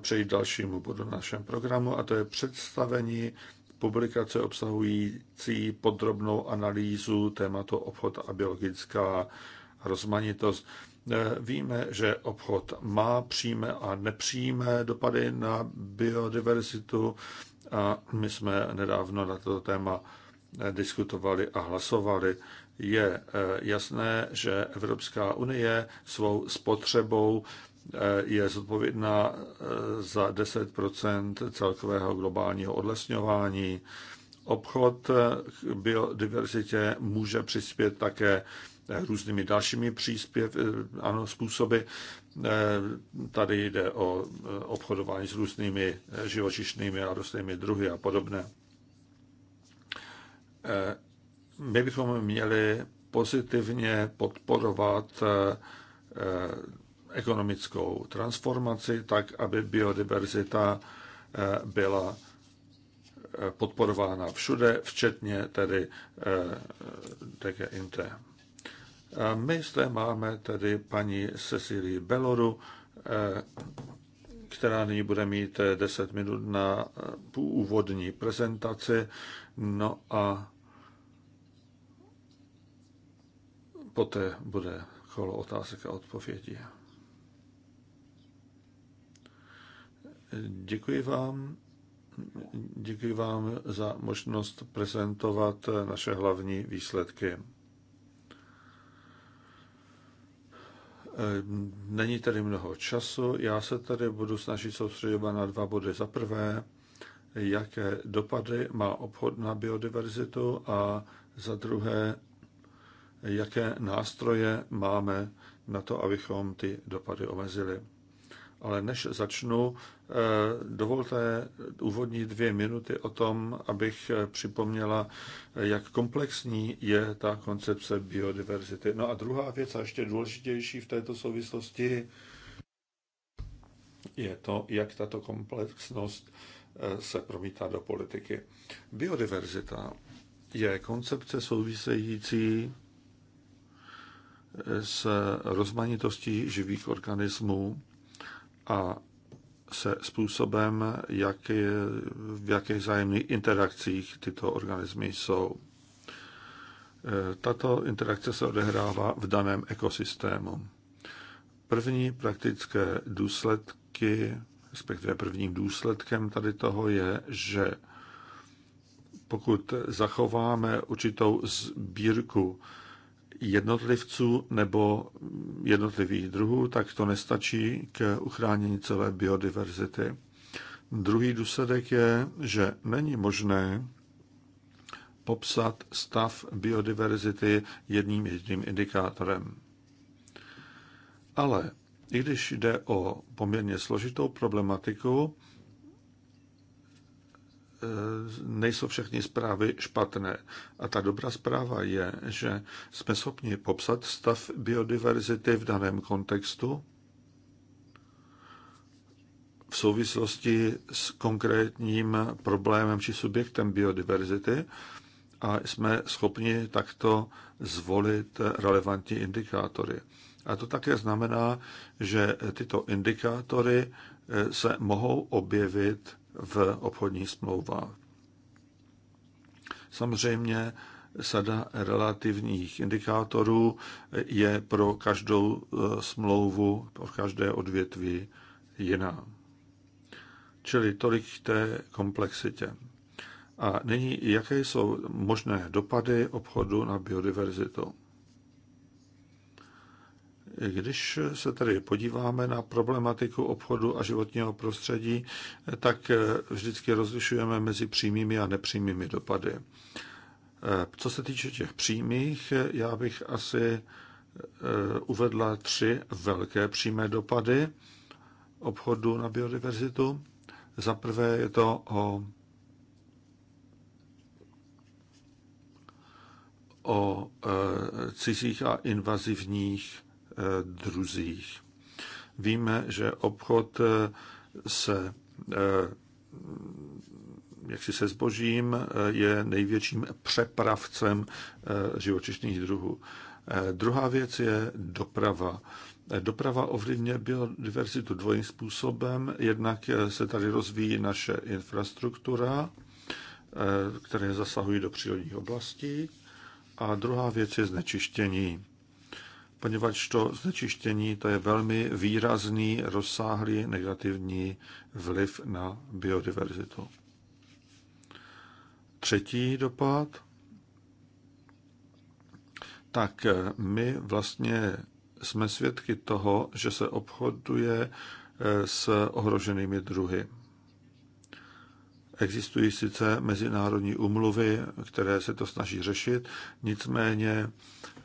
přejít dalšímu bodu na našem programu, a to je představení publikace obsahující podrobnou analýzu tématu obchod a biologická rozmanitost. Víme, že obchod má přímé a nepřímé dopady na biodiverzitu a my jsme nedávno na toto téma diskutovali a hlasovali. Je eh, jasné, že Evropská unie svou spotřebou Eh, je zodpovědná eh, za 10 celkového globálního odlesňování. Obchod eh, k biodiverzitě může přispět také různými dalšími příspěv, ano, způsoby. Tady jde o obchodování s různými živočišnými a rostlinnými druhy a podobné. My bychom měli pozitivně podporovat ekonomickou transformaci, tak aby biodiverzita eh, byla eh, podporována všude, včetně tedy eh, DGNT. My zde máme tedy paní Cecilii Beloru, která nyní bude mít 10 minut na úvodní prezentaci. No a poté bude kolo otázek a odpovědí. Děkuji vám. Děkuji vám za možnost prezentovat naše hlavní výsledky. Není tady mnoho času. Já se tady budu snažit soustředovat na dva body. Za prvé, jaké dopady má obchod na biodiverzitu a za druhé, jaké nástroje máme na to, abychom ty dopady omezili. Ale než začnu, eh, dovolte úvodní dvě minuty o tom, abych eh, připomněla, jak komplexní je ta koncepce biodiverzity. No a druhá věc, a ještě důležitější v této souvislosti, je to, jak tato komplexnost eh, se promítá do politiky. Biodiverzita je koncepce související s rozmanitostí živých organismů a se způsobem, jak, je, v jakých zájemných interakcích tyto organismy jsou. E, tato interakce se odehrává v daném ekosystému. První praktické důsledky, respektive prvním důsledkem tady toho je, že pokud zachováme určitou sbírku jednotlivců nebo jednotlivých druhů, tak to nestačí k uchránění celé biodiverzity. Druhý důsledek je, že není možné popsat stav biodiverzity jedním jediným indikátorem. Ale i když jde o poměrně složitou problematiku, nejsou všechny zprávy špatné. A ta dobrá zpráva je, že jsme schopni popsat stav biodiverzity v daném kontextu v souvislosti s konkrétním problémem či subjektem biodiverzity a jsme schopni takto zvolit relevantní indikátory. A to také znamená, že tyto indikátory se mohou objevit v obchodních smlouvách. Samozřejmě sada relativních indikátorů je pro každou eh, smlouvu, pro každé odvětví jiná. Čili tolik k té komplexitě. A nyní, jaké jsou možné dopady obchodu na biodiverzitu? Když se tedy podíváme na problematiku obchodu a životního prostředí, tak eh, vždycky rozlišujeme mezi přímými a nepřímými dopady. Eh, co se týče těch přímých, já bych asi eh, uvedla tři velké přímé dopady obchodu na biodiverzitu. Za prvé je to o, o cizích a invazivních Eh, druzích. Víme, že obchod eh, se eh, jak si se zbožím je největším přepravcem živočišných druhů. Druhá věc je doprava. Doprava ovlivňuje biodiverzitu dvojím způsobem. Jednak se tady rozvíjí naše infrastruktura, které zasahují do přírodních oblastí. A druhá věc je znečištění poněvadž to znečištění to je velmi výrazný, rozsáhlý negativní vliv na biodiverzitu. Třetí dopad. Tak my vlastně jsme svědky toho, že se obchoduje s ohroženými druhy. Existují sice mezinárodní umluvy, které se to snaží řešit, nicméně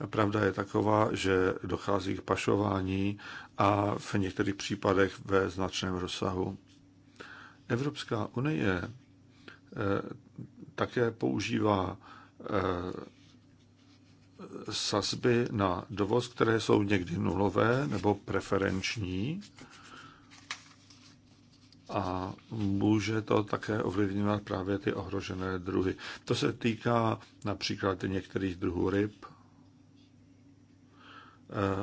pravda je taková, že dochází k pašování a v některých případech ve značném rozsahu. Evropská unie eh, také používá eh, sazby na dovoz, které jsou někdy nulové nebo preferenční, a může to také ovlivňovat právě ty ohrožené druhy. To se týká například některých druhů ryb eh,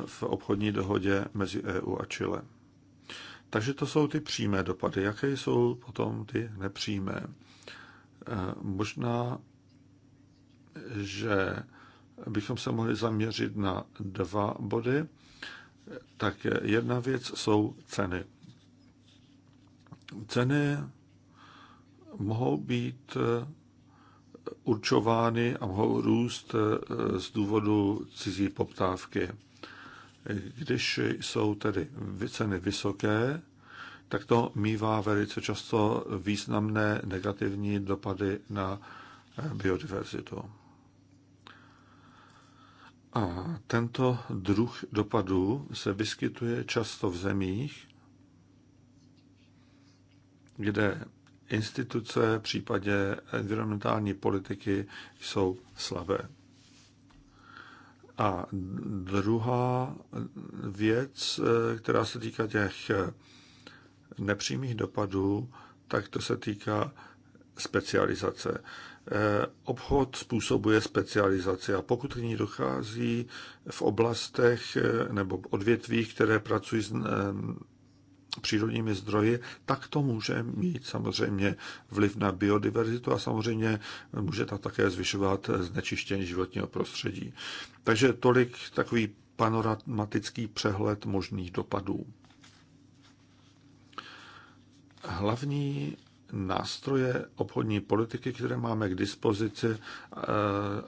v obchodní dohodě mezi EU a Chile. Takže to jsou ty přímé dopady. Jaké jsou potom ty nepřímé? Eh, možná, že bychom se mohli zaměřit na dva body. Tak jedna věc jsou ceny. Ceny mohou být eh, určovány a mohou růst eh, z důvodu cizí poptávky. Když jsou tedy ceny vysoké, tak to mývá velice často významné negativní dopady na eh, biodiverzitu. A tento druh dopadů se vyskytuje často v zemích, kde instituce v případě environmentální politiky jsou slabé. A druhá věc, která se týká těch nepřímých dopadů, tak to se týká specializace. Obchod způsobuje specializaci a pokud k ní dochází v oblastech nebo odvětvích, které pracují s přírodními zdroji, tak to může mít samozřejmě vliv na biodiverzitu a samozřejmě může to také zvyšovat znečištění životního prostředí. Takže tolik takový panoramatický přehled možných dopadů. Hlavní nástroje obchodní politiky, které máme k dispozici, eh,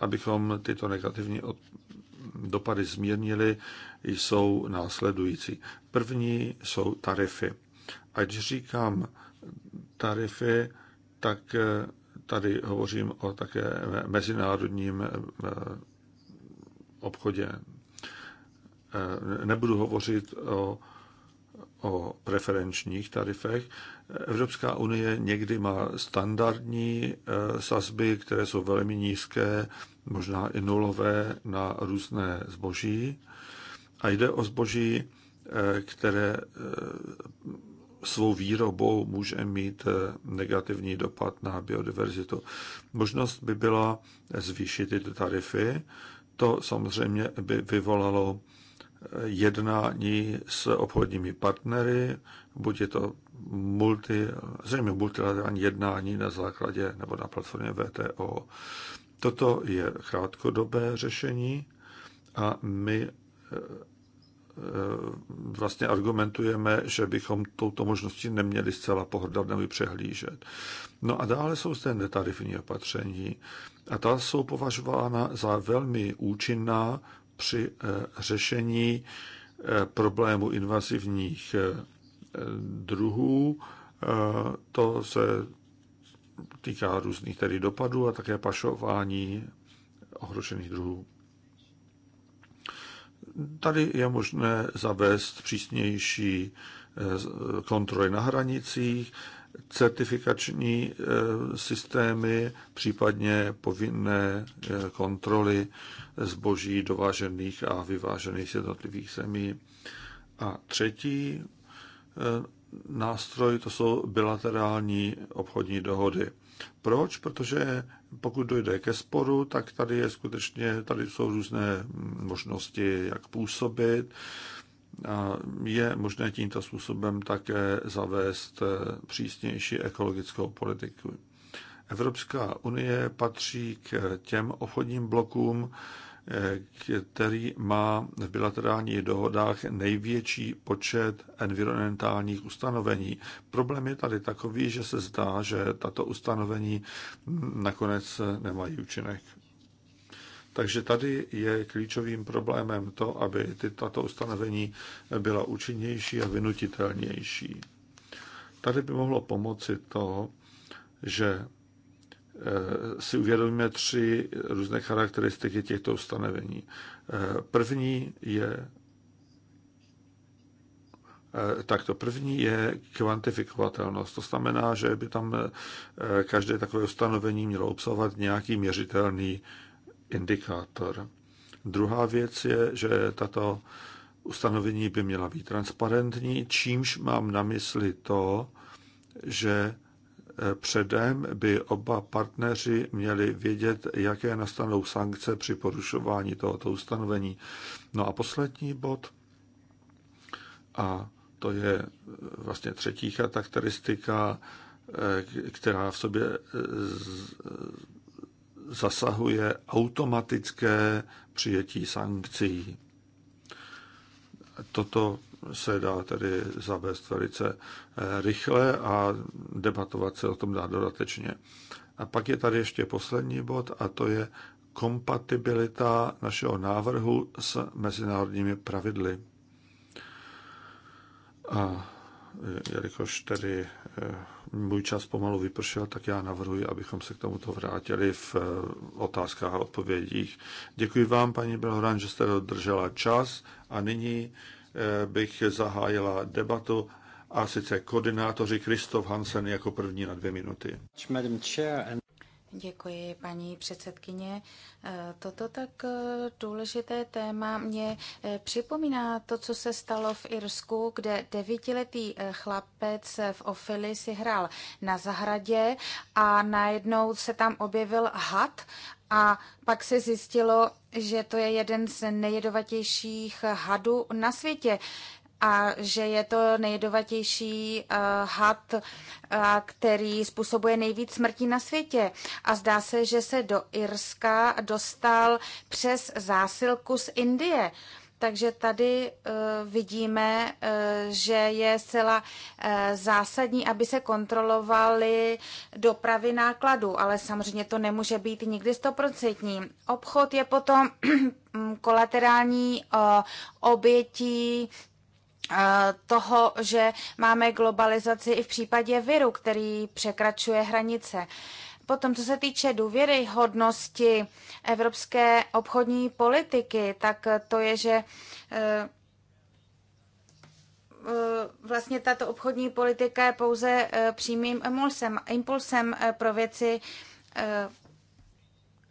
abychom tyto negativní dopady zmírnily, jsou následující. První jsou tarify. A když říkám tarify, tak eh, tady hovořím o také mezinárodním eh, obchodě. Eh, nebudu hovořit o o preferenčních tarifech. Evropská unie někdy má standardní eh, sazby, které jsou velmi nízké, možná i nulové na různé zboží. A jde o zboží, eh, které eh, svou výrobou může mít negativní dopad na biodiverzitu. Možnost by byla zvýšit ty tarify. To samozřejmě by vyvolalo jednání s obchodními partnery, buď je to multi, zřejmě multilaterální jednání na základě nebo na platformě VTO. Toto je krátkodobé řešení a my eh, eh, vlastně argumentujeme, že bychom touto možností neměli zcela pohrdat nebo přehlížet. No a dále jsou zde netarifní opatření a ta jsou považována za velmi účinná při eh, řešení eh, problému invazivních eh, druhů. To se týká různých tedy dopadů a také pašování ohrožených druhů. Tady je možné zavést přísnější Eh, kontroly na hranicích, certifikační eh, systémy, případně povinné eh, kontroly zboží dovážených a vyvážených z jednotlivých zemí. A třetí nástroj to jsou bilaterální obchodní dohody. Proč? Protože pokud dojde ke sporu, tak tady je skutečně, tady jsou různé hm, možnosti, jak působit. A je možné tímto způsobem také zavést eh, přísnější ekologickou politiku. Evropská unie patří k eh, těm obchodním blokům, eh, který má v bilaterálních dohodách největší počet environmentálních ustanovení. Problém je tady takový, že se zdá, že tato ustanovení hm, nakonec nemají účinek. Takže tady je klíčovým problémem to, aby ty, tato ustanovení byla účinnější a vynutitelnější. Tady by mohlo pomoci to, že e, si uvědomíme tři různé charakteristiky těchto ustanovení. E, první je e, tak to první je kvantifikovatelnost. To znamená, že by tam každé takové ustanovení mělo obsahovat nějaký měřitelný indikátor. Druhá věc je, že tato ustanovení by měla být transparentní, čímž mám na mysli to, že e, předem by oba partneři měli vědět, jaké nastanou sankce při porušování tohoto ustanovení. No a poslední bod, a to je e, vlastně třetí charakteristika, e, která v sobě zasahuje automatické přijetí sankcí. Toto se dá tedy zavést velice eh, rychle a debatovat se o tom dá dodatečně. A pak je tady ještě poslední bod a to je kompatibilita našeho návrhu s mezinárodními pravidly. A jelikož tedy eh, můj čas pomalu vypršel, tak já navrhuji, abychom se k tomuto vrátili v eh, otázkách a odpovědích. Děkuji vám, paní Belhoran, že jste dodržela čas a nyní eh, bych zahájila debatu a sice koordinátoři Kristof Hansen jako první na dvě minuty. Děkuji, paní předsedkyně. Eh, toto tak eh, důležité téma mě eh, připomíná to, co se stalo v Irsku, kde devítiletý chlapec v Ofili si hrál na zahradě a najednou se tam objevil had a pak se zjistilo, že to je jeden z nejjedovatějších hadů na světě a že je to nejjedovatější eh, had, eh, který způsobuje nejvíc smrtí na světě. A zdá se, že se do Irska dostal přes zásilku z Indie. Takže tady eh, vidíme, že je zcela zásadní, aby se kontrolovaly dopravy nákladů, ale samozřejmě to nemůže být nikdy stoprocentní. Obchod je potom kolaterální obětí toho, že máme globalizaci i v případě viru, který překračuje hranice. Potom, co se týče důvěryhodnosti evropské obchodní politiky, tak to je, že eh, eh, vlastně tato obchodní politika je pouze eh, přímým impulsem, impulsem pro věci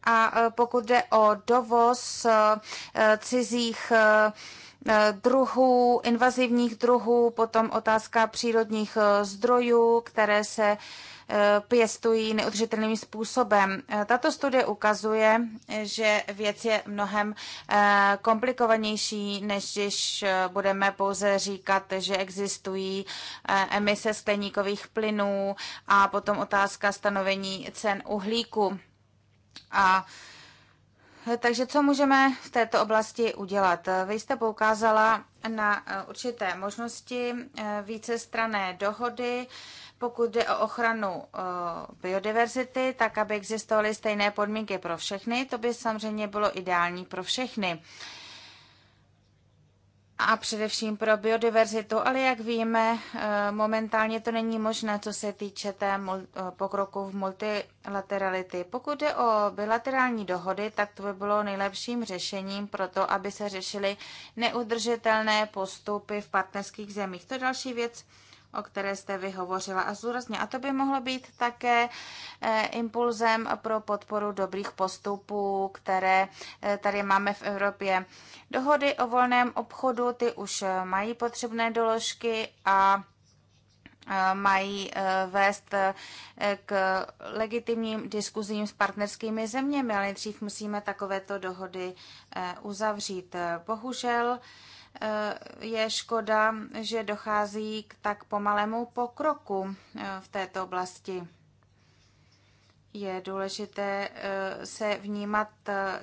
a pokud jde o dovoz cizích Eh, druhů, invazivních druhů, potom otázka přírodních eh, zdrojů, které se eh, pěstují neudržitelným způsobem. Tato studie ukazuje, že věc je mnohem komplikovanější, než když budeme pouze říkat, že existují emise skleníkových plynů a potom otázka stanovení cen uhlíku. A takže co můžeme v této oblasti udělat? Vy jste poukázala na eh, určité možnosti eh, vícestrané dohody, pokud jde o ochranu eh, biodiverzity, tak aby existovaly stejné podmínky pro všechny. To by samozřejmě bylo ideální pro všechny a především pro biodiverzitu, ale jak víme, eh, momentálně to není možné, co se týče té eh, pokroku v multilaterality. Pokud jde o bilaterální dohody, tak to by bylo nejlepším řešením pro to, aby se řešily neudržitelné postupy v partnerských zemích. To je další věc, o které jste vyhovořila a zúrazně. A to by mohlo být také eh, impulzem pro podporu dobrých postupů, které eh, tady máme v Evropě. Dohody o volném obchodu, ty už eh, mají potřebné doložky a mají vést k legitimním diskuzím s partnerskými zeměmi, ale nejdřív musíme takovéto dohody uzavřít. Bohužel Eh, je škoda, že dochází k tak pomalému pokroku eh, v této oblasti. Je důležité eh, se vnímat,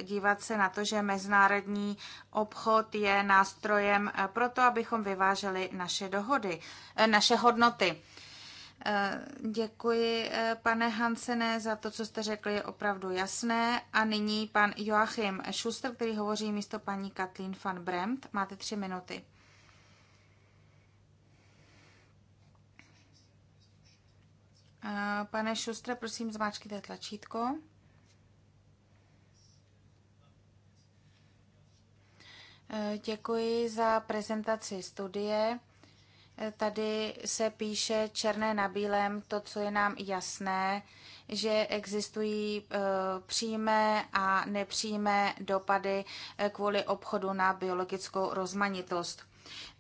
dívat se na to, že mezinárodní obchod je nástrojem pro to, abychom vyváželi naše dohody, naše hodnoty. Eh, děkuji, eh, pane Hansene, za to, co jste řekli, je opravdu jasné. A nyní pan Joachim Schuster, který hovoří místo paní Katlín van Bremt. Máte tři minuty. Eh, pane Schuster, prosím, zmáčkněte tlačítko. Děkuji za prezentaci studie. Tady se píše černé na bílém to, co je nám jasné, že existují eh, přímé a nepřímé dopady eh, kvůli obchodu na biologickou rozmanitost.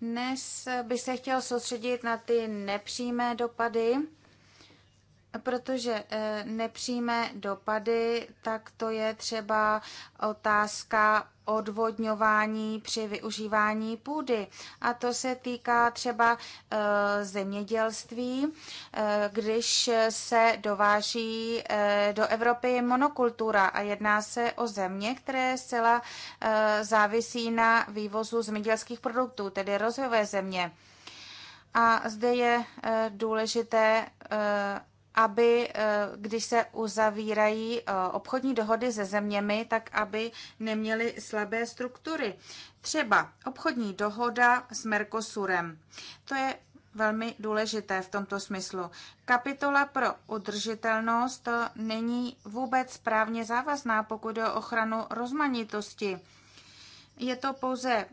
Dnes bych se chtěl soustředit na ty nepřímé dopady Protože eh, nepřímé dopady, tak to je třeba otázka odvodňování při využívání půdy. A to se týká třeba eh, zemědělství, eh, když se dováží do Evropy monokultura a jedná se o země, které zcela závisí na vývozu zemědělských produktů, tedy rozvojové země. A zde je důležité aby eh, když se uzavírají eh, obchodní dohody se zeměmi, tak aby neměly slabé struktury. Třeba obchodní dohoda s Mercosurem. To je velmi důležité v tomto smyslu. Kapitola pro udržitelnost eh, není vůbec právně závazná, pokud je o ochranu rozmanitosti. Je to pouze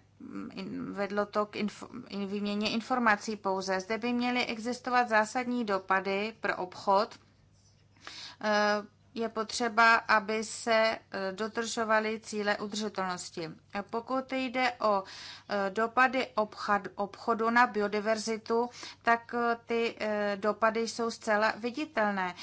vedlo to k inf- výměně informací pouze. Zde by měly existovat zásadní dopady pro obchod. Eh, je potřeba, aby se eh, dotržovaly cíle udržitelnosti. Pokud jde o eh, dopady obchodu na biodiverzitu, tak ty dopady jsou zcela viditelné.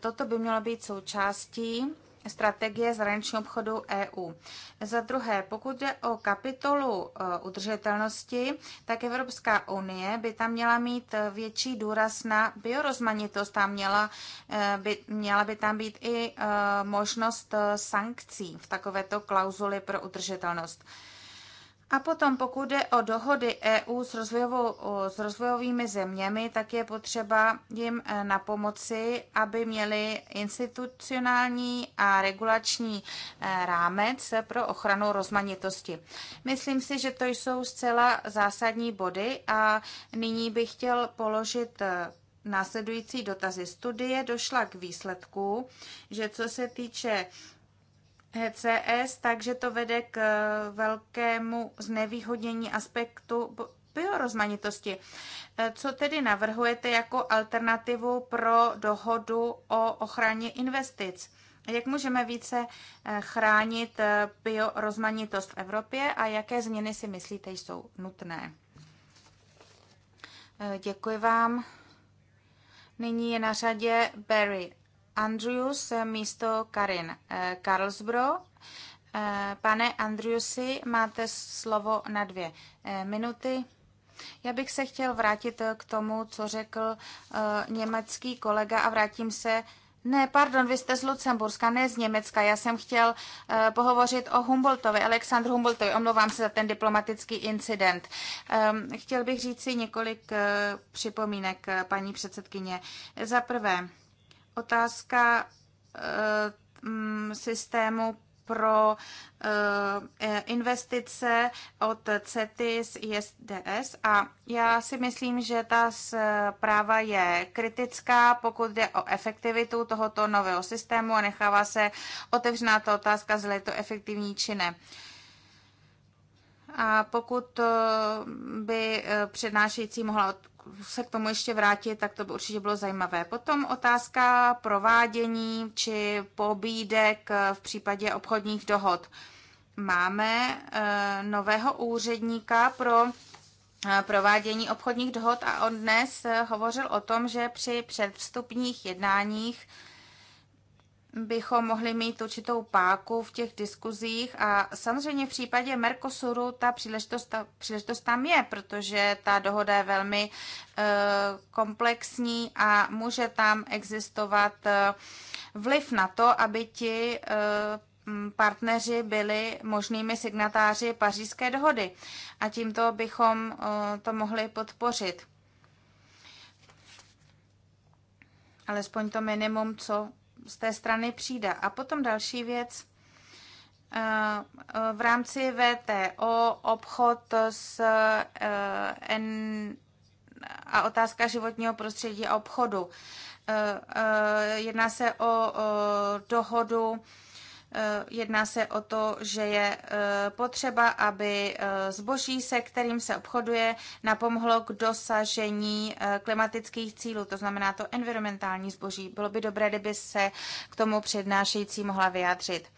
Toto by mělo být součástí strategie zahraničního obchodu EU. Za druhé, pokud jde o kapitolu e, udržitelnosti, tak Evropská unie by tam měla mít e, větší důraz na biorozmanitost. Tam měla e, by, měla by tam být i možnost sankcí v takovéto klauzuli pro udržitelnost. A potom, pokud jde o dohody EU s, s rozvojovými zeměmi, tak je potřeba jim e, na pomoci, aby měli institucionální a regulační e, rámec pro ochranu rozmanitosti. Myslím si, že to jsou zcela zásadní body a nyní bych chtěl položit e, následující dotazy. Studie došla k výsledku, že co se týče HCS, e takže to vede k eh, velkému znevýhodnění aspektu biorozmanitosti. Eh, co tedy navrhujete jako alternativu pro dohodu o ochraně investic? Jak můžeme více eh, chránit biorozmanitost v Evropě a jaké změny si myslíte jsou nutné? Děkuji vám. Nyní je na řadě Barry Andrews místo Karin eh, Karlsbro. Eh, pane Andrewsi, máte slovo na dvě eh, minuty. Já bych se chtěl vrátit k tomu, co řekl německý kolega a vrátím se ne, pardon, vy jste z Lucemburska, ne z Německa. Já jsem chtěl pohovořit o Humboldtovi, Aleksandru Humboldtovi. Omlouvám se za ten diplomatický incident. Ehm, chtěl bych říct si několik připomínek, paní předsedkyně. Za prvé, Otázka eh, mm, systému pro eh, investice od CETIS ISDS a já si myslím, že ta zpráva je kritická, pokud jde o efektivitu tohoto nového systému a nechává se otevřená ta otázka, zda je to efektivní či ne. A pokud eh, by přednášející mohla se k tomu ještě vrátit, tak to by určitě bylo zajímavé. Potom otázka provádění či pobídek v případě obchodních dohod. Máme eh, nového úředníka pro eh, provádění obchodních dohod a on dnes eh, hovořil o tom, že při předvstupních jednáních bychom mohli mít určitou páku v těch diskuzích a samozřejmě v případě Mercosuru ta příležitost, ta příležitost tam je, protože ta dohoda je velmi e, komplexní a může tam existovat e, vliv na to, aby ti e, partneři byli možnými signatáři pařížské dohody a tímto bychom e, to mohli podpořit. Alespoň to minimum, co z té strany přijde. A potom další věc, eh, v rámci VTO obchod s eh, N a otázka životního prostředí a obchodu. Eh, jedná se o dohodu Eh, jedná se o to, že je eh, potřeba, aby eh, zboží, se kterým se obchoduje, napomohlo k dosažení klimatických cílů, to znamená to environmentální zboží. Bylo by dobré, kdyby se k tomu přednášející mohla vyjádřit.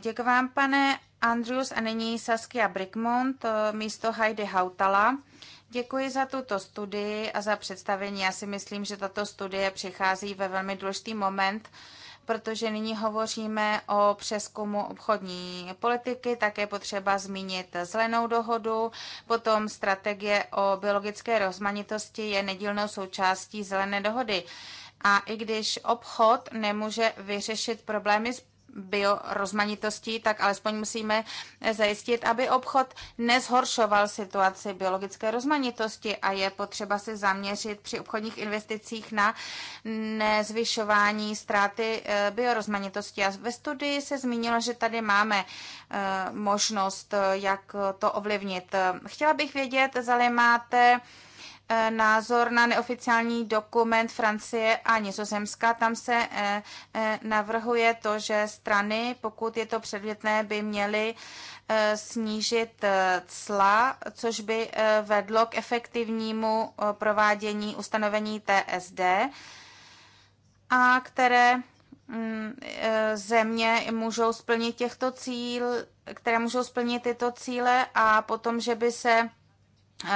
Děkuji vám, pane Andrews, a nyní Saskia Brickmont místo Heidi Hautala. Děkuji za tuto studii a za představení. Já si myslím, že tato studie přichází ve velmi důležitý moment, protože nyní hovoříme o přeskumu obchodní politiky, také potřeba zmínit zelenou dohodu, potom strategie o biologické rozmanitosti je nedílnou součástí zelené dohody. A i když obchod nemůže vyřešit problémy biorozmanitostí, tak alespoň musíme zajistit, aby obchod nezhoršoval situaci biologické rozmanitosti a je potřeba se zaměřit při obchodních investicích na nezvyšování ztráty eh, biorozmanitosti. A ve studii se zmínilo, že tady máme eh, možnost, eh, jak to ovlivnit. Chtěla bych vědět, zda máte Eh, názor na neoficiální dokument Francie a Nizozemska. Tam se eh, eh, navrhuje to, že strany, pokud je to předmětné, by měly snížit cla, což by vedlo k efektivnímu provádění ustanovení TSD, a které mm, země můžou splnit těchto cíl, které můžou splnit tyto cíle a potom, že by se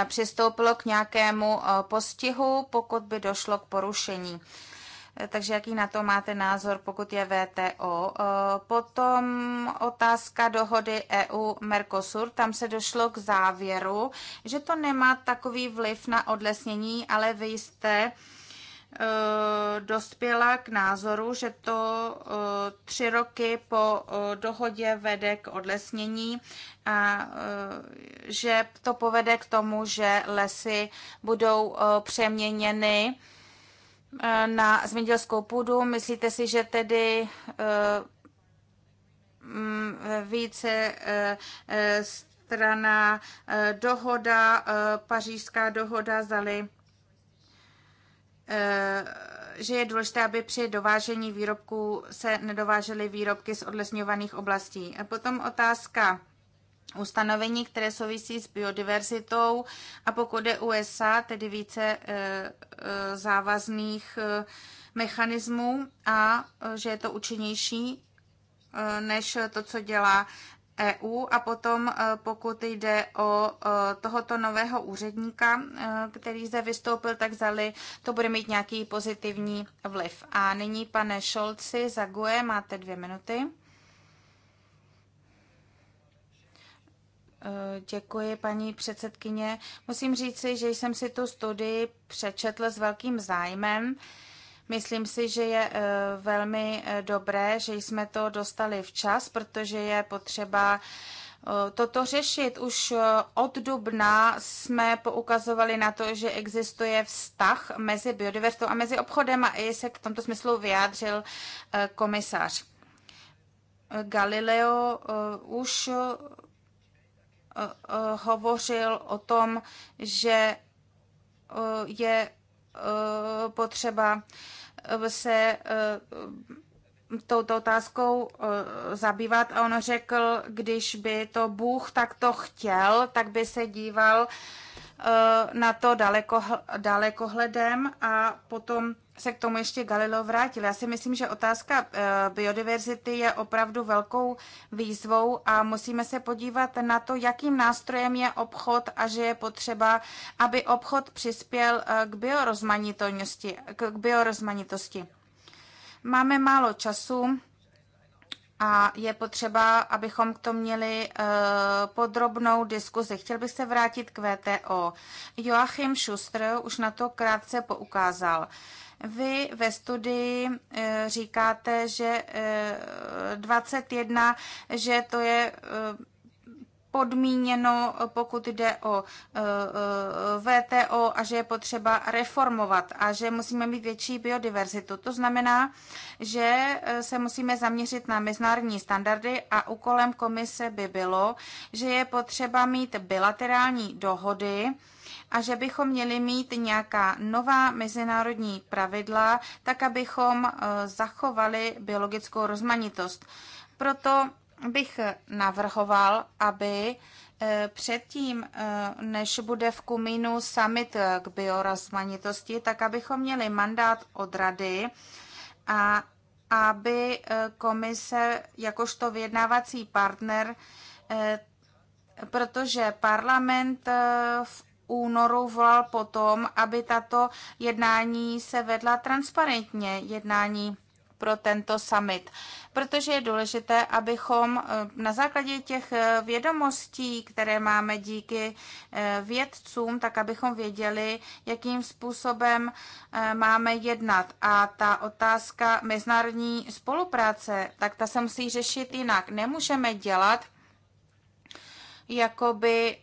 přistoupilo k nějakému postihu, pokud by došlo k porušení. E, takže jaký na to máte názor, pokud je VTO? Potom otázka dohody EU-Mercosur. Tam se došlo k závěru, že to nemá takový vliv na odlesnění, ale vy jste Eh, dospěla k názoru, že to eh, tři roky po eh, dohodě vede k odlesnění a že to povede k tomu, že lesy budou přeměněny na zemědělskou půdu. Myslíte si, že tedy mm, více strana dohoda, pařížská dohoda, zali? Eh, že je důležité, aby při dovážení výrobků se nedovážely výrobky z odlesňovaných oblastí. A potom otázka ustanovení, které souvisí s biodiverzitou a pokud je USA, tedy více eh, eh, závazných mechanismů a že je to účinnější než to, co dělá EU a potom e, pokud jde o e, tohoto nového úředníka, e, který zde vystoupil, tak zali to bude mít nějaký pozitivní vliv. A nyní, pane Šolci, GUE máte dvě minuty. Děkuji, paní předsedkyně. Musím říci, že jsem si tu studii přečetl s velkým zájmem. Myslím si, že je eh, velmi eh, dobré, že jsme to dostali včas, protože je potřeba eh, toto řešit. Už od dubna jsme poukazovali na to, že existuje vztah mezi biodiverzitou a mezi obchodem a i se k tomto smyslu vyjádřil komisař. Galileo už hovořil o tom, že je potřeba Eh, se eh, touto otázkou eh, zabývat a on řekl, když by to Bůh takto chtěl, tak by se díval na to daleko, dalekohledem a potom se k tomu ještě Galileo vrátil. Já si myslím, že otázka eh, biodiverzity je opravdu velkou výzvou a musíme se podívat na to, jakým nástrojem je obchod a že je potřeba, aby obchod přispěl eh, k biorozmanitosti. K biorozmanitosti. Máme málo času a je potřeba, abychom k tomu měli eh, podrobnou diskuzi. Chtěl bych se vrátit k VTO. Joachim Schuster už na to krátce poukázal. Vy ve studii eh, říkáte, že 21, eh, že to je eh, podmíněno, pokud jde o VTO a že je potřeba reformovat a že musíme mít větší biodiverzitu. To znamená, že se musíme zaměřit na mezinárodní standardy a úkolem komise by bylo, že je potřeba mít bilaterální dohody, a že bychom měli mít nějaká nová mezinárodní pravidla, tak abychom eh, zachovali biologickou rozmanitost. Proto bych navrhoval, aby eh, předtím, eh, než bude v Kumínu summit k biorozmanitosti, tak abychom měli mandát od rady a aby komise jakožto vyjednávací partner, protože parlament v únoru volal potom, aby tato jednání se vedla transparentně, jednání pro tento summit. Protože je důležité, abychom eh, na základě těch eh, vědomostí, které máme díky eh, vědcům, tak abychom věděli, jakým způsobem máme jednat. A ta otázka mezinárodní spolupráce, tak ta se musí řešit jinak. Nemůžeme dělat, jakoby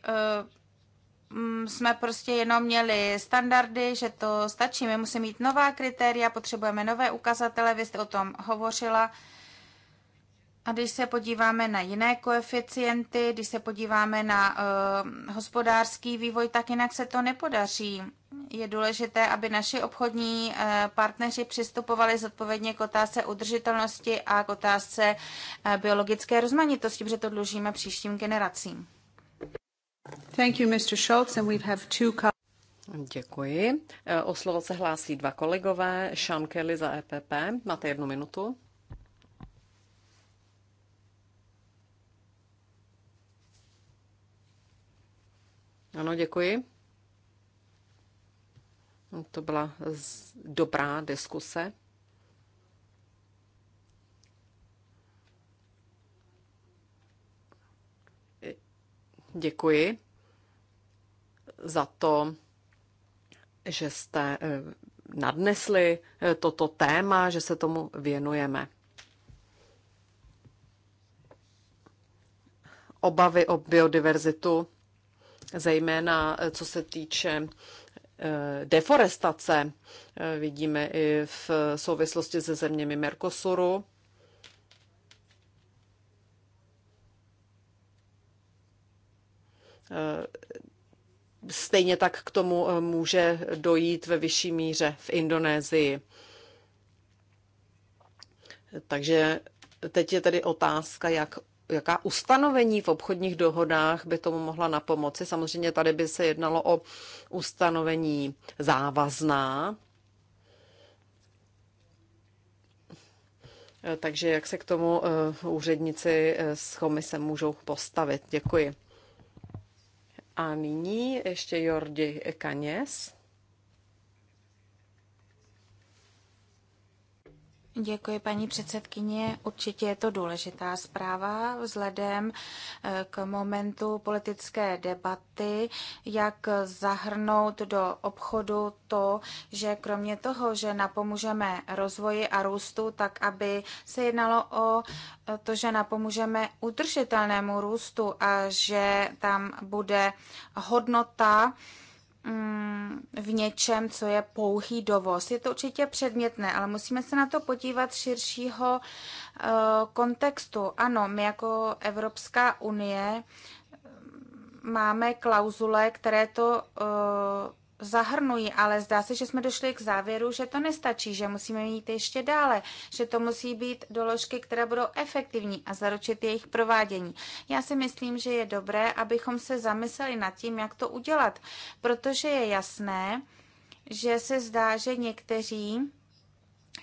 Mm, jsme prostě jenom měli standardy, že to stačí. My musíme mít nová kritéria, potřebujeme nové ukazatele, vy jste o tom hovořila. A když se podíváme na jiné koeficienty, když se podíváme na uh, hospodářský vývoj, tak jinak se to nepodaří. Je důležité, aby naši obchodní uh, partneři přistupovali zodpovědně k otázce udržitelnosti a k otázce uh, biologické rozmanitosti, protože to dlužíme příštím generacím. Thank you, Mr. and we have two... Děkuji. E, o slovo se hlásí dva kolegové. Sean Kelly za EPP. Máte jednu minutu. Ano, děkuji. To byla dobrá diskuse. Děkuji za to, že jste eh, nadnesli eh, toto téma, že se tomu věnujeme. Obavy o biodiverzitu, zejména eh, co se týče deforestace, vidíme i v souvislosti se zeměmi Mercosuru. Eh, stejně tak k tomu eh, může dojít ve vyšší míře v Indonésii. Takže teď je tedy otázka, jak, jaká ustanovení v obchodních dohodách by tomu mohla napomoci. Samozřejmě tady by se jednalo o ustanovení závazná, eh, Takže jak se k tomu úředníci z komise můžou postavit? Děkuji. A nyní ještě Jordi Kaněs. Děkuji, paní předsedkyně. Určitě je to důležitá zpráva vzhledem eh, k momentu politické debaty, jak zahrnout do obchodu to, že kromě toho, že napomůžeme rozvoji a růstu, tak aby se jednalo o eh, to, že napomůžeme udržitelnému růstu a že tam bude hodnota, Mm, v něčem, co je pouhý dovoz. Je to určitě předmětné, ale musíme se na to podívat širšího eh, kontextu. Ano, my jako Evropská unie mm, máme klauzule, které to eh, zahrnují, ale zdá se, že jsme došli k závěru, že to nestačí, že musíme jít ještě dále, že to musí být doložky, které budou efektivní a zaručit jejich provádění. Já si myslím, že je dobré, abychom se zamysleli nad tím, jak to udělat, protože je jasné, že se zdá, že někteří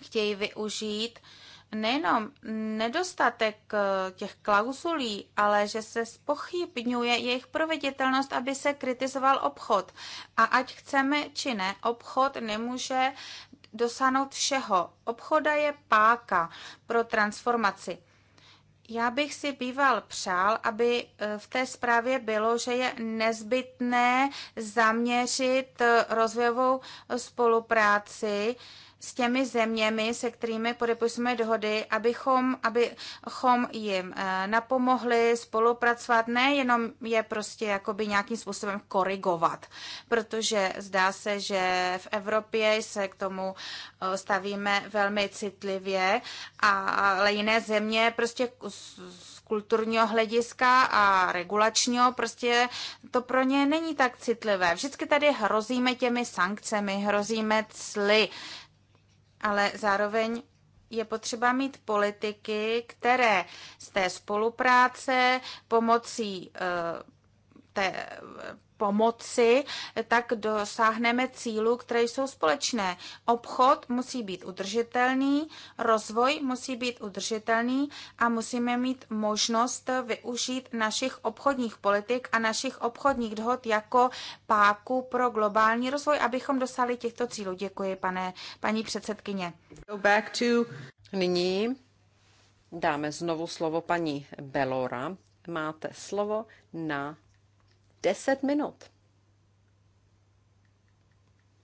chtějí využít uh, nejenom nedostatek eh, těch klauzulí, ale že se spochybňuje jejich proveditelnost, aby se kritizoval obchod. A ať chceme či ne, obchod nemůže dosáhnout všeho. Obchoda je páka pro transformaci. Já bych si býval přál, aby eh, v té zprávě bylo, že je nezbytné zaměřit eh, rozvojovou spolupráci s těmi zeměmi, se kterými podepisujeme dohody, abychom, abychom jim eh, napomohli spolupracovat, nejenom je prostě jakoby nějakým způsobem korigovat, protože zdá se, že v Evropě se k tomu eh, stavíme velmi citlivě, ale jiné země prostě kulturního hlediska a regulačního, prostě to pro ně není tak citlivé. Vždycky tady hrozíme těmi sankcemi, hrozíme cly, ale zároveň je potřeba mít politiky, které z té spolupráce pomocí eh, té pomoci, tak dosáhneme cílů, které jsou společné. Obchod musí být udržitelný, rozvoj musí být udržitelný a musíme mít možnost využít našich obchodních politik a našich obchodních dohod jako páku pro globální rozvoj, abychom dosáhli těchto cílů. Děkuji, pane, paní předsedkyně. Go back to... Nyní dáme znovu slovo paní Belora. Máte slovo na 10 minut.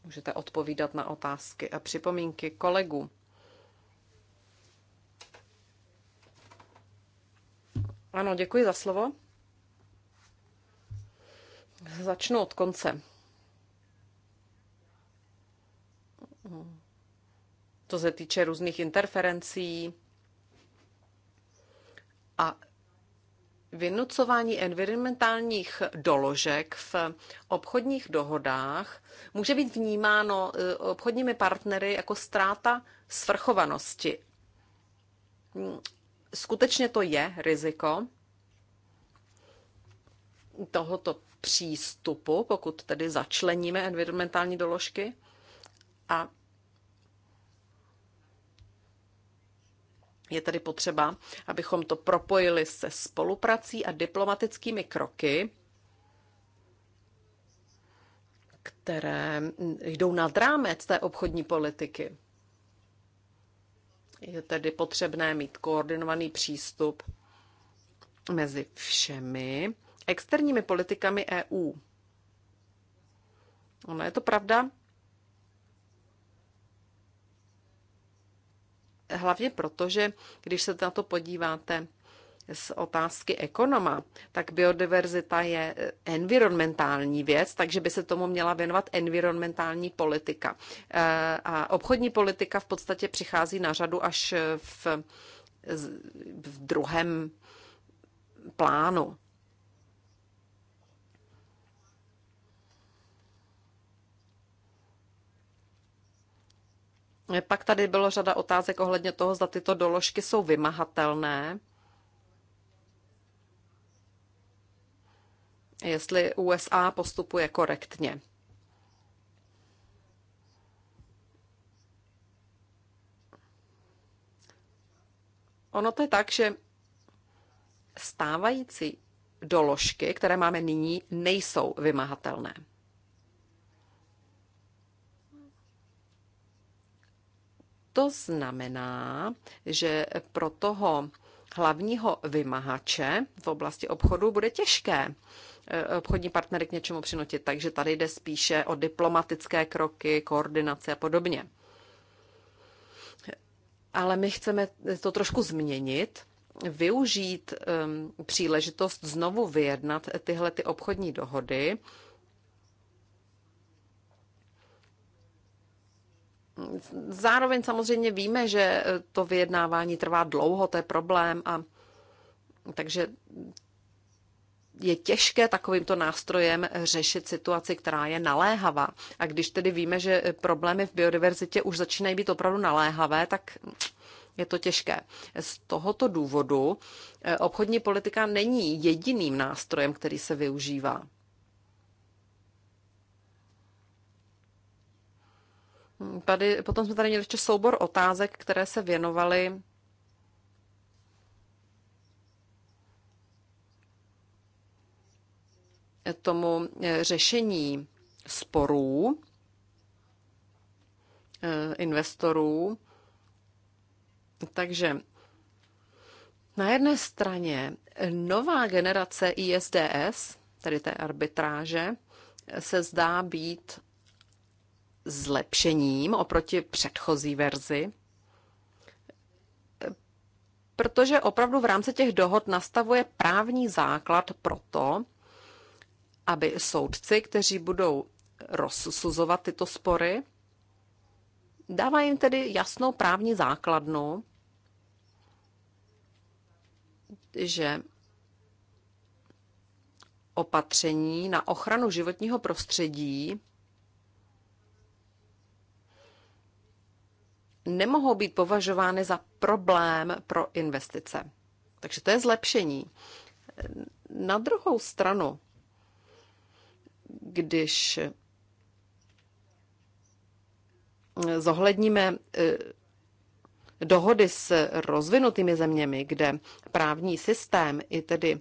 Můžete odpovídat na otázky a připomínky kolegů. Ano, děkuji za slovo. Začnu od konce. To se týče různých interferencí a vynucování environmentálních doložek v obchodních dohodách může být vnímáno e, obchodními partnery jako ztráta svrchovanosti. Hmm, skutečně to je riziko tohoto přístupu, pokud tedy začleníme environmentální doložky. A Je tedy potřeba, abychom to propojili se spoluprací a diplomatickými kroky, které jdou nad rámec té obchodní politiky. Je tedy potřebné mít koordinovaný přístup mezi všemi externími politikami EU. Ono je to pravda, hlavně proto, že když se na to podíváte z otázky ekonoma, tak biodiverzita je eh, environmentální věc, takže by se tomu měla věnovat environmentální politika. Eh, a obchodní politika v podstatě přichází na řadu až v, v druhém plánu. Pak tady bylo řada otázek ohledně toho, zda tyto doložky jsou vymahatelné. Jestli USA postupuje korektně. Ono to je tak, že stávající doložky, které máme nyní, nejsou vymahatelné. To znamená, že pro toho hlavního vymahače v oblasti obchodu bude těžké eh, obchodní partnery k něčemu přinutit. Takže tady jde spíše o diplomatické kroky, koordinace a podobně. Ale my chceme to trošku změnit, využít um, příležitost znovu vyjednat tyhle ty obchodní dohody Zároveň samozřejmě víme, že eh, to vyjednávání trvá dlouho, to je problém a takže je těžké takovýmto nástrojem řešit situaci, která je naléhavá. A když tedy víme, že eh, problémy v biodiverzitě už začínají být opravdu naléhavé, tak je to těžké. Z tohoto důvodu eh, obchodní politika není jediným nástrojem, který se využívá. Tady, potom jsme tady měli ještě soubor otázek, které se věnovaly tomu eh, řešení sporů eh, investorů. Takže na jedné straně nová generace ISDS, tedy té arbitráže, se zdá být zlepšením oproti předchozí verzi, protože opravdu v rámci těch dohod nastavuje právní základ pro to, aby soudci, kteří budou rozsuzovat tyto spory, dává jim tedy jasnou právní základnu, že opatření na ochranu životního prostředí nemohou být považovány za problém pro investice. Takže to je zlepšení. Na druhou stranu, když zohledníme e, dohody s rozvinutými zeměmi, kde právní systém i tedy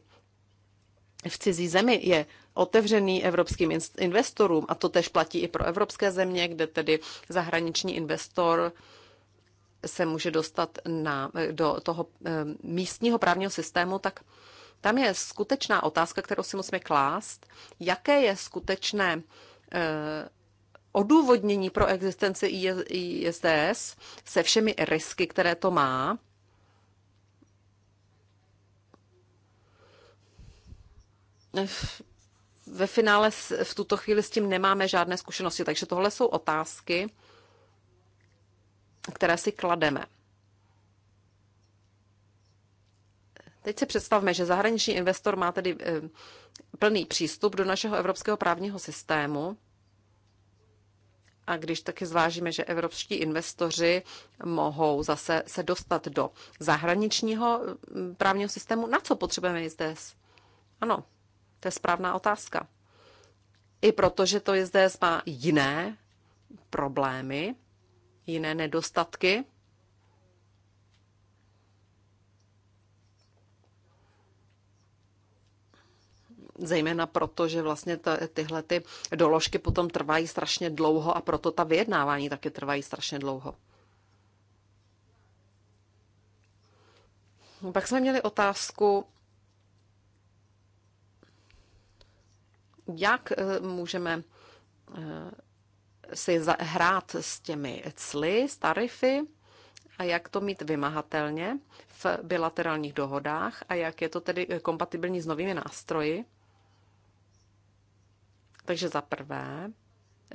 v cizí zemi je otevřený evropským investorům, a to tež platí i pro evropské země, kde tedy zahraniční investor se může dostat na, do toho eh, místního právního systému, tak tam je skutečná otázka, kterou si musíme klást, jaké je skutečné eh, odůvodnění pro existenci ISDS se všemi risky, které to má. Ve finále v tuto chvíli s tím nemáme žádné zkušenosti, takže tohle jsou otázky, které si klademe. Teď si představme, že zahraniční investor má tedy eh, plný přístup do našeho evropského právního systému. A když taky zvážíme, že evropští investoři mohou zase se dostat do zahraničního mm, právního systému, na co potřebujeme ISDS? Ano, to je správná otázka. I protože to ISDS má jiné problémy, jiné nedostatky. zejména proto, že vlastně t- tyhle ty doložky potom trvají strašně dlouho a proto ta vyjednávání taky trvají strašně dlouho. No, pak jsme měli otázku, jak eh, můžeme eh, si hrát s těmi cly, s tarify a jak to mít vymahatelně v bilaterálních dohodách a jak je to tedy kompatibilní s novými nástroji. Takže za prvé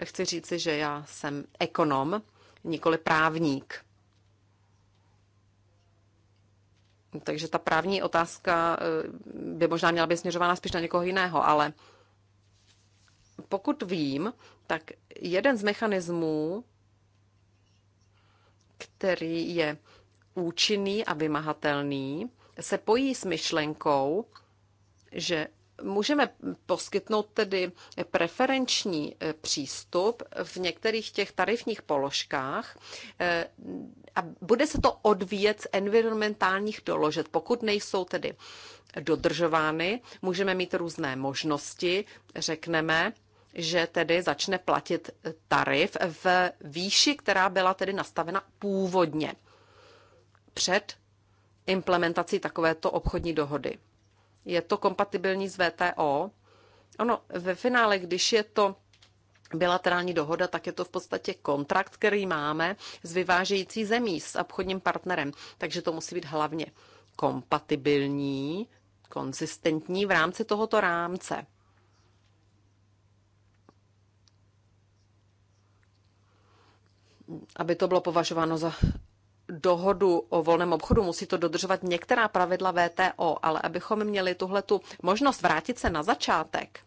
chci říci, že já jsem ekonom, nikoli právník. Takže ta právní otázka eh, by možná měla být směřována spíš na někoho jiného, ale pokud vím, tak jeden z mechanismů, který je účinný a vymahatelný, se pojí s myšlenkou, že můžeme poskytnout tedy preferenční eh, přístup v některých těch tarifních položkách eh, a bude se to odvíjet z environmentálních doložek. Pokud nejsou tedy dodržovány, můžeme mít různé možnosti, řekneme, že tedy začne platit tarif v výši, která byla tedy nastavena původně před implementací takovéto obchodní dohody. Je to kompatibilní s VTO? Ono, ve finále, když je to bilaterální dohoda, tak je to v podstatě kontrakt, který máme s vyvážející zemí, s obchodním partnerem. Takže to musí být hlavně kompatibilní, konzistentní v rámci tohoto rámce. aby to bylo považováno za dohodu o volném obchodu, musí to dodržovat některá pravidla VTO, ale abychom měli tuhle tu možnost vrátit se na začátek,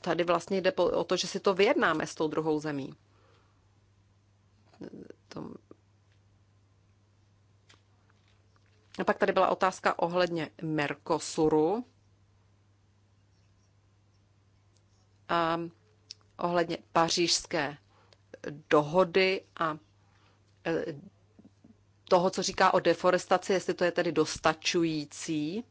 tady vlastně jde o to, že si to vyjednáme s tou druhou zemí. A pak tady byla otázka ohledně Mercosuru. A ohledně pařížské dohody a toho, co říká o deforestaci, jestli to je tedy dostačující.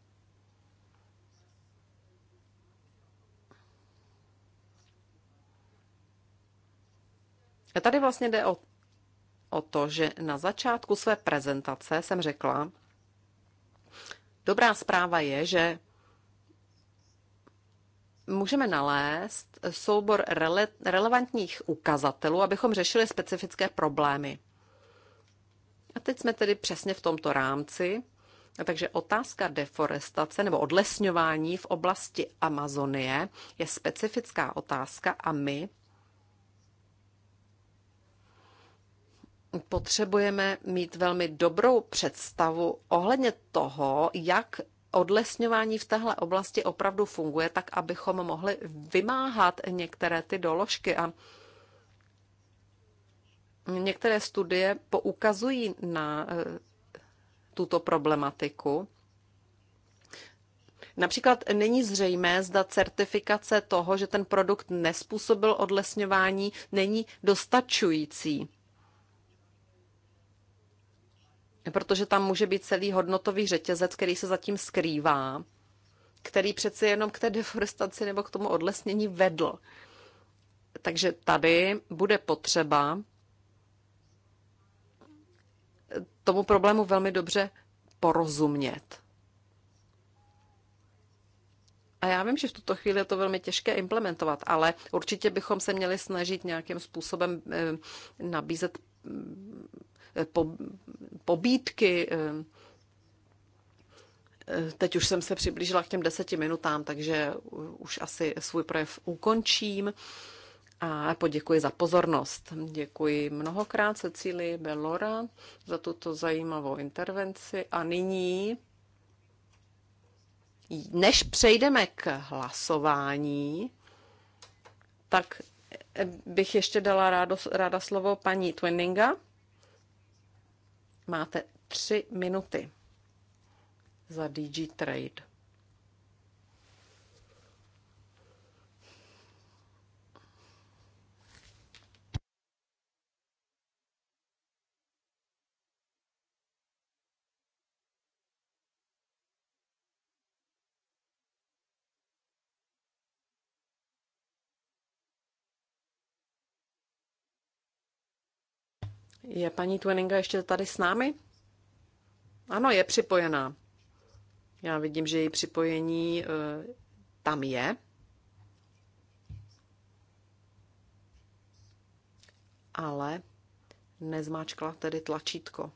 A tady vlastně jde o, o to, že na začátku své prezentace jsem řekla, dobrá zpráva je, že můžeme nalézt soubor rele, relevantních ukazatelů, abychom řešili specifické problémy. A teď jsme tedy přesně v tomto rámci. Takže otázka deforestace nebo odlesňování v oblasti Amazonie je specifická otázka a my potřebujeme mít velmi dobrou představu ohledně toho, jak odlesňování v téhle oblasti opravdu funguje, tak abychom mohli vymáhat některé ty doložky. A Některé studie poukazují na eh, tuto problematiku. Například není zřejmé, zda certifikace toho, že ten produkt nespůsobil odlesňování, není dostačující. Protože tam může být celý hodnotový řetězec, který se zatím skrývá, který přece jenom k té deforestaci nebo k tomu odlesnění vedl. Takže tady bude potřeba tomu problému velmi dobře porozumět. A já vím, že v tuto chvíli je to velmi těžké implementovat, ale určitě bychom se měli snažit nějakým způsobem eh, nabízet mm, eh, pobídky. Eh, teď už jsem se přiblížila k těm deseti minutám, takže už asi svůj projev ukončím a poděkuji za pozornost. Děkuji mnohokrát Cecílii Belora za tuto zajímavou intervenci a nyní, než přejdeme k hlasování, tak bych ještě dala rádo, ráda slovo paní Twinninga. Máte tři minuty za DG Trade. Je paní Tueninga ještě tady s námi? Ano, je připojená. Já vidím, že její připojení eh, tam je. Ale nezmáčkla tedy tlačítko.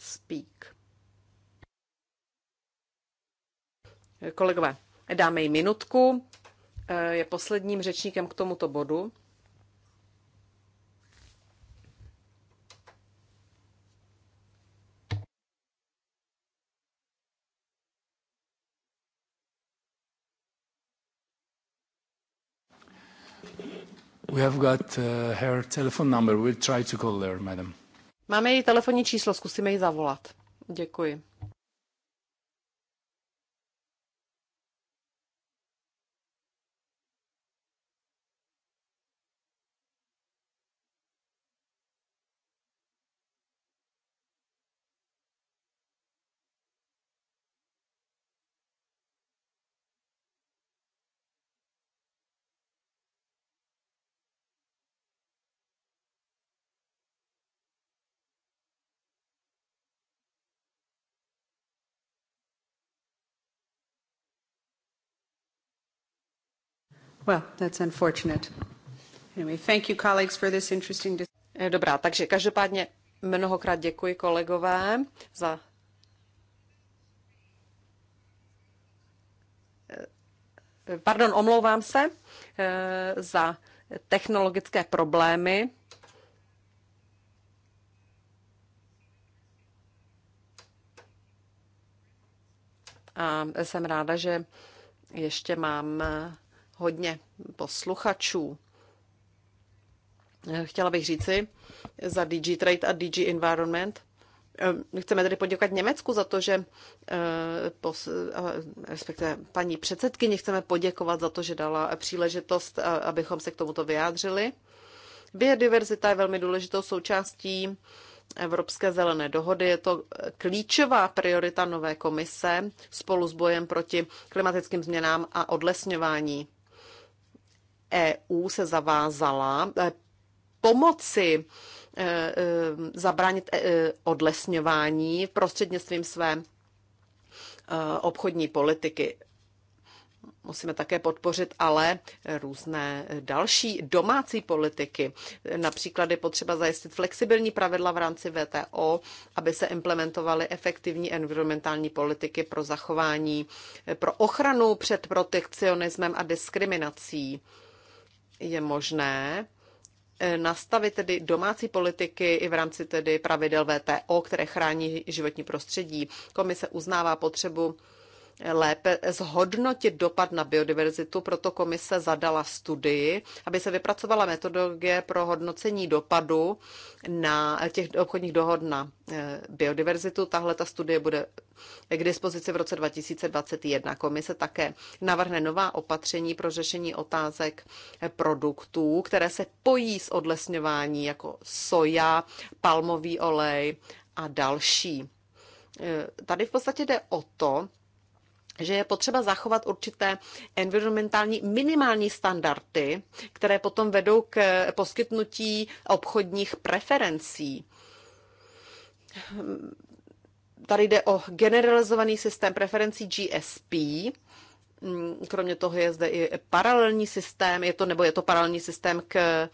Speak. Kolegové, dáme jí minutku. Eh, je posledním řečníkem k tomuto bodu. We have got uh, her telephone number. We'll try to call her, madam. Máme její telefonní číslo, zkusíme ji zavolat. Děkuji. Well, that's unfortunate. Anyway, thank you colleagues for this interesting eh, Dobrá, takže každopádně mnohokrát děkuji kolegové za eh, Pardon, omlouvám se eh, za technologické problémy. A jsem ráda, že ještě mám hodně posluchačů. Chtěla bych říci za DG Trade a DG Environment, eh, Chceme tedy poděkovat Německu za to, že eh, eh, respektive paní předsedkyni chceme poděkovat za to, že dala příležitost, abychom se k tomuto vyjádřili. Biodiverzita je velmi důležitou součástí Evropské zelené dohody. Je to klíčová priorita nové komise spolu s bojem proti klimatickým změnám a odlesňování. EU se zavázala eh, pomoci eh, eh, zabránit odlesňování prostřednictvím své obchodní politiky. Musíme také podpořit ale různé další domácí politiky. Například je potřeba zajistit flexibilní pravidla v rámci VTO, aby se implementovaly efektivní environmentální politiky pro zachování, pro ochranu před protekcionismem a diskriminací je možné eh, nastavit tedy domácí politiky i v rámci tedy pravidel VTO, které chrání životní prostředí. Komise uznává potřebu lépe zhodnotit dopad na biodiverzitu, proto komise zadala studii, aby se vypracovala metodologie pro hodnocení dopadu na těch obchodních dohod na eh, biodiverzitu. Tahle ta studie bude k dispozici v roce 2021. Komise také navrhne nová opatření pro řešení otázek produktů, které se pojí s odlesňování, jako soja, palmový olej a další. Eh, tady v podstatě jde o to, že je potřeba zachovat určité environmentální minimální standardy, které potom vedou k poskytnutí obchodních preferencí. Tady jde o generalizovaný systém preferencí GSP. Kromě toho je zde i paralelní systém, je to, nebo je to paralelní systém k eh,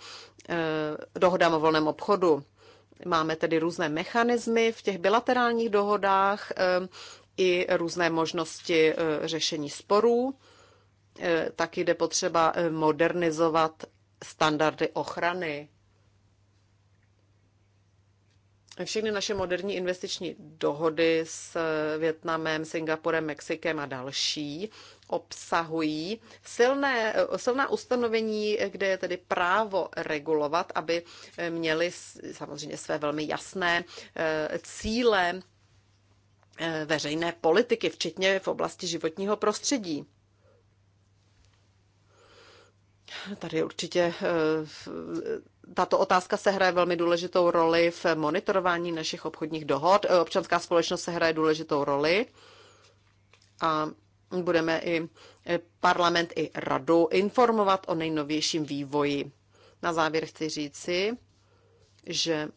dohodám o volném obchodu. Máme tedy různé mechanismy v těch bilaterálních dohodách, eh, i různé možnosti e, řešení sporů. E, Taky jde potřeba e, modernizovat standardy ochrany. Všechny naše moderní investiční dohody s Větnamem, Singapurem, Mexikem a další obsahují silné, silná ustanovení, kde je tedy právo regulovat, aby měli samozřejmě své velmi jasné cíle Eh, veřejné politiky, včetně v oblasti životního prostředí. Tady určitě eh, tato otázka se hraje velmi důležitou roli v monitorování našich obchodních dohod. Eh, občanská společnost se hraje důležitou roli a budeme i parlament i radu informovat o nejnovějším vývoji. Na závěr chci říci, že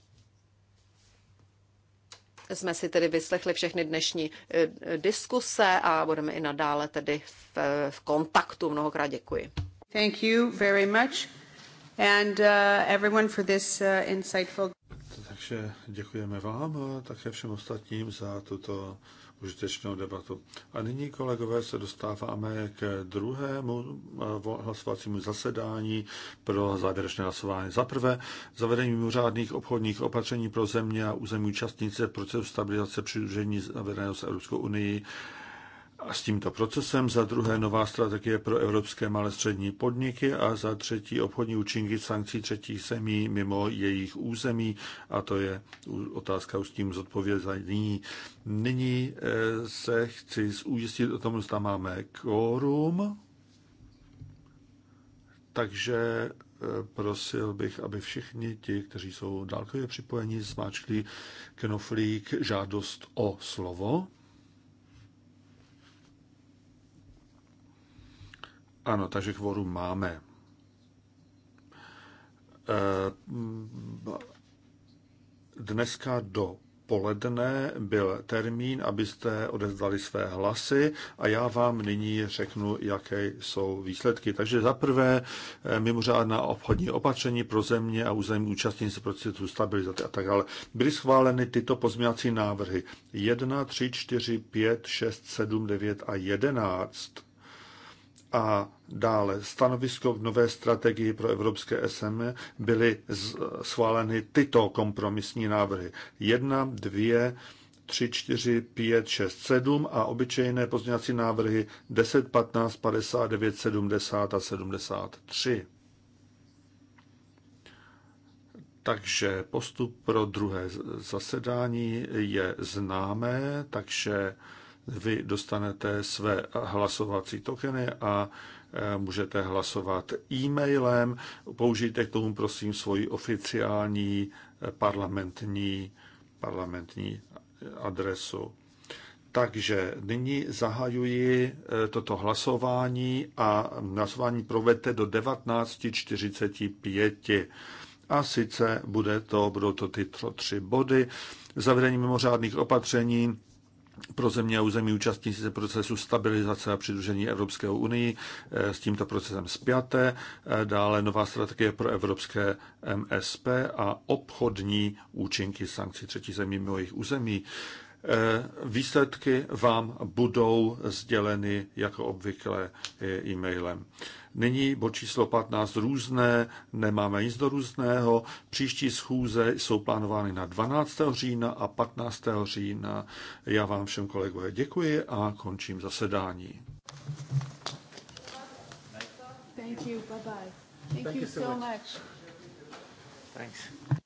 jsme si tedy vyslechli všechny dnešní e, e, diskuse a budeme i nadále tedy v, v kontaktu. Mnohokrát děkuji. Thank you very much and uh, everyone for this uh, insightful takže děkujeme vám a také všem ostatním za tuto užitečnou debatu. A nyní, kolegové, se dostáváme k druhému eh, hlasovacímu zasedání pro závěrečné hlasování. Za prvé, zavedení mimořádných obchodních opatření pro země a území účastnice procesu stabilizace přidružení zavedeného s Evropskou unii a s tímto procesem, za druhé nová strategie pro evropské malé střední podniky a za třetí obchodní účinky sankcí třetích zemí mimo jejich území a to je otázka už tím zodpovězení. Nyní eh, se chci ujistit o tom, tam máme kórum, takže eh, prosil bych, aby všichni ti, kteří jsou dálkově připojeni, zmáčkli knoflík žádost o slovo. Ano, takže kvorum máme. Eh, dneska do poledne byl termín, abyste odezdali své hlasy a já vám nyní řeknu, jaké jsou výsledky. Takže za prvé eh, mimořádná obchodní opatření pro země a území účastníci procesu stabilizace a tak dále. Byly schváleny tyto pozměňovací návrhy 1, 3, 4, 5, 6, 7, 9 a 11 a dále stanovisko v nové strategii pro evropské SM byly schváleny tyto kompromisní návrhy. Jedna, dvě, tři, čtyři, pět, šest, sedm a obyčejné pozměňovací návrhy 10, 15, 59, 70 a 73. Takže postup pro druhé zasedání je známé, takže vy dostanete své hlasovací tokeny a e, můžete hlasovat e-mailem. Použijte k tomu prosím svoji oficiální e, parlamentní, parlamentní adresu. Takže nyní zahajuji e, toto hlasování a hlasování provedete do 19.45. A sice bude to, budou to ty tři body, zavedení mimořádných opatření, pro země a území účastnící se procesu stabilizace a přidružení Evropské unii eh, s tímto procesem spjaté, eh, dále nová strategie pro evropské MSP a obchodní účinky sankcí třetí zemí mimo jejich území. Eh, výsledky vám budou sděleny jako obvykle e-mailem. Nyní bod číslo 15 různé, nemáme nic do různého. Příští schůze jsou plánovány na 12. října a 15. října. Já vám všem kolegové děkuji a končím zasedání. Thank you. Bye bye. Thank, Thank you, you so much. much. Thanks.